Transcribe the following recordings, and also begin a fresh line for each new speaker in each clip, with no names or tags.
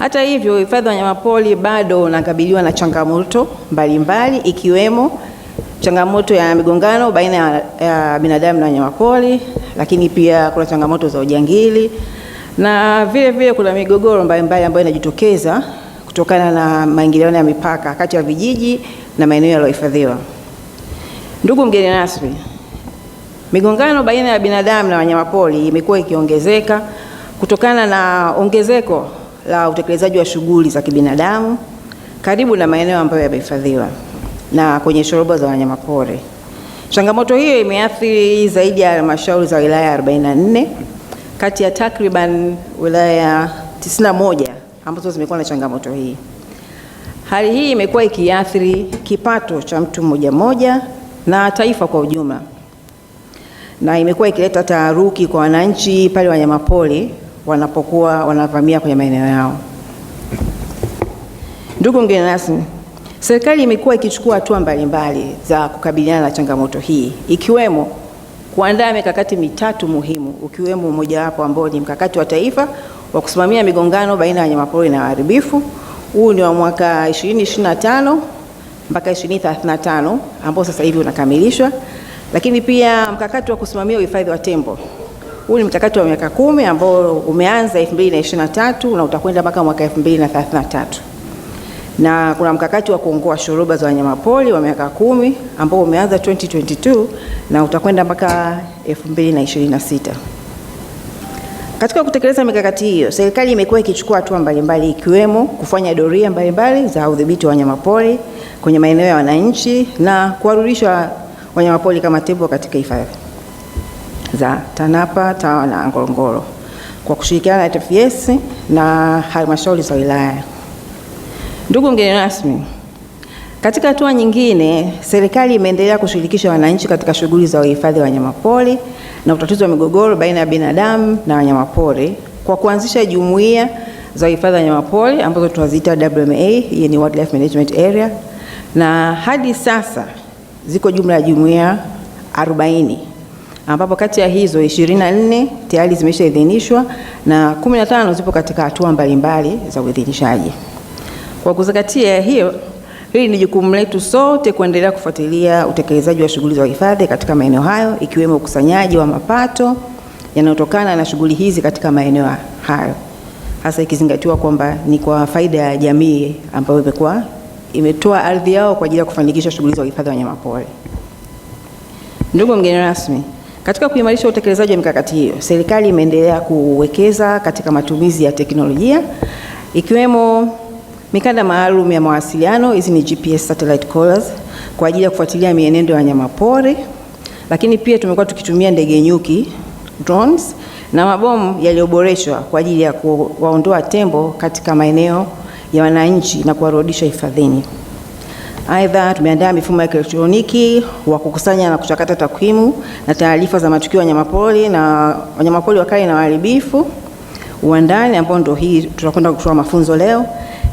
Hata hivyo, hifadhi ya wanyamapori bado unakabiliwa na changamoto mbalimbali ikiwemo changamoto ya migongano baina ya, ya binadamu na wanyamapori, lakini pia kuna changamoto za ujangili na vile vile kuna migogoro mbalimbali ambayo inajitokeza kutokana na maingiliano ya mipaka kati ya vijiji na maeneo yaliyohifadhiwa. Ndugu mgeni rasmi, migongano baina ya binadamu na wanyamapori imekuwa ikiongezeka kutokana na ongezeko la utekelezaji wa shughuli za kibinadamu karibu na maeneo ambayo yamehifadhiwa na kwenye shoroba za wanyamapori. Changamoto hiyo imeathiri zaidi ya halmashauri za wilaya 44 kati ya takriban wilaya 91 ambazo zimekuwa na changamoto hii. Hali hii imekuwa ikiathiri kipato cha mtu mmoja mmoja na taifa kwa ujumla, na imekuwa ikileta taharuki kwa wananchi pale wanyamapori wanapokuwa wanavamia kwenye maeneo yao. Ndugu mgeni rasmi, serikali imekuwa ikichukua hatua mbalimbali za kukabiliana na changamoto hii ikiwemo kuandaa mikakati mitatu muhimu, ukiwemo mojawapo ambao ni mkakati wa taifa wa kusimamia migongano baina ya wanyamapori na waharibifu. Huu ni wa mwaka 2025 mpaka 2035 ambao sasa hivi unakamilishwa, lakini pia mkakati wa kusimamia uhifadhi wa tembo huu ni mchakato wa miaka kumi ambao umeanza 2023 na utakwenda mpaka mwaka 2033 na kuna mkakati wa kuongoa shuruba za wanyamapori wa miaka kumi ambao umeanza 2022 na utakwenda mpaka 2026. Katika kutekeleza mikakati hiyo, serikali imekuwa ikichukua hatua mbalimbali ikiwemo kufanya doria mbalimbali za udhibiti wa wanyamapori kwenye maeneo ya wananchi na kuwarudisha wanyamapori kama tembo katika hifadhi za TANAPA Tawa na Ngorongoro kwa kushirikiana na TFS na halmashauri za wilaya. Ndugu mgeni rasmi, katika hatua nyingine, serikali imeendelea kushirikisha wananchi katika shughuli za uhifadhi wa wanyamapori na utatuzi wa migogoro baina ya binadamu na wanyamapori kwa kuanzisha jumuiya za uhifadhi wa wanyamapori ambazo tunaziita WMA, hii ni Wildlife Management Area, na hadi sasa ziko jumla ya jumuiya ambapo kati ya hizo 24 tayari zimeshaidhinishwa na 15 zipo katika hatua mbalimbali za uidhinishaji. Kwa kuzingatia hiyo, hili ni jukumu letu sote kuendelea kufuatilia utekelezaji wa shughuli za hifadhi katika maeneo hayo ikiwemo ukusanyaji wa mapato yanayotokana na shughuli hizi katika maeneo hayo, hasa ikizingatiwa kwamba ni kwa faida ya jamii ambayo imekuwa imetoa ardhi yao kwa ajili ya kufanikisha shughuli za uhifadhi wa wanyamapori. Ndugu mgeni rasmi, katika kuimarisha utekelezaji wa mikakati hiyo, serikali imeendelea kuwekeza katika matumizi ya teknolojia ikiwemo mikanda maalum ya mawasiliano, hizi ni GPS satellite collars kwa ajili ya kufuatilia mienendo ya wanyamapori, lakini pia tumekuwa tukitumia ndege nyuki drones na mabomu yaliyoboreshwa kwa ajili ya kuwaondoa tembo katika maeneo ya wananchi na kuwarudisha hifadhini. Aidha, tumeandaa mifumo ya kielektroniki wa kukusanya na kuchakata takwimu na taarifa za matukio ya wanyamapori na wanyamapori wakali na waharibifu wa ndani, ambao ndio hii tutakwenda kutoa mafunzo leo,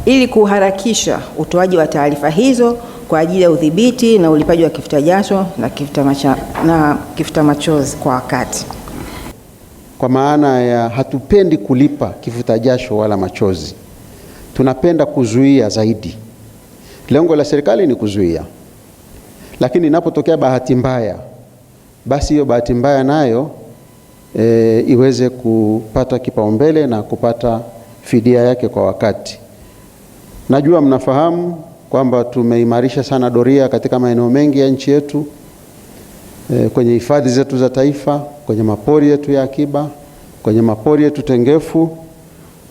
ili kuharakisha utoaji wa taarifa hizo kwa ajili ya udhibiti na ulipaji wa kifuta jasho na kifuta macho na kifuta machozi kwa wakati,
kwa maana ya hatupendi kulipa kifuta jasho wala machozi, tunapenda kuzuia zaidi Lengo la serikali ni kuzuia, lakini inapotokea bahati mbaya, basi hiyo bahati mbaya nayo e, iweze kupata kipaumbele na kupata fidia yake kwa wakati. Najua mnafahamu kwamba tumeimarisha sana doria katika maeneo mengi ya nchi yetu e, kwenye hifadhi zetu za taifa, kwenye mapori yetu ya akiba, kwenye mapori yetu tengefu,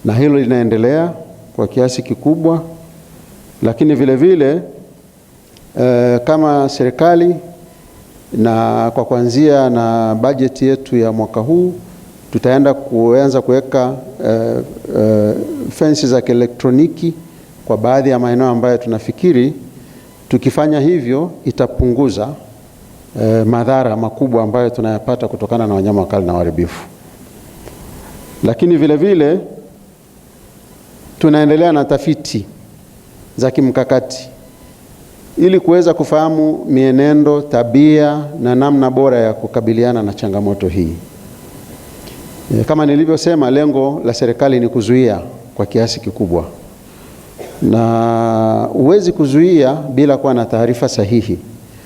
na hilo linaendelea kwa kiasi kikubwa lakini vile vile e, kama serikali na kwa kuanzia na bajeti yetu ya mwaka huu tutaenda kuanza kuweka e, eh, e, eh, fensi za kielektroniki kwa baadhi ya maeneo ambayo tunafikiri tukifanya hivyo itapunguza e, madhara makubwa ambayo tunayapata kutokana na wanyama wakali na waharibifu. Lakini vile vile tunaendelea na tafiti za kimkakati ili kuweza kufahamu mienendo, tabia na namna bora ya kukabiliana na changamoto hii. E, kama nilivyosema, lengo la serikali ni kuzuia kwa kiasi kikubwa, na huwezi kuzuia bila kuwa na taarifa sahihi.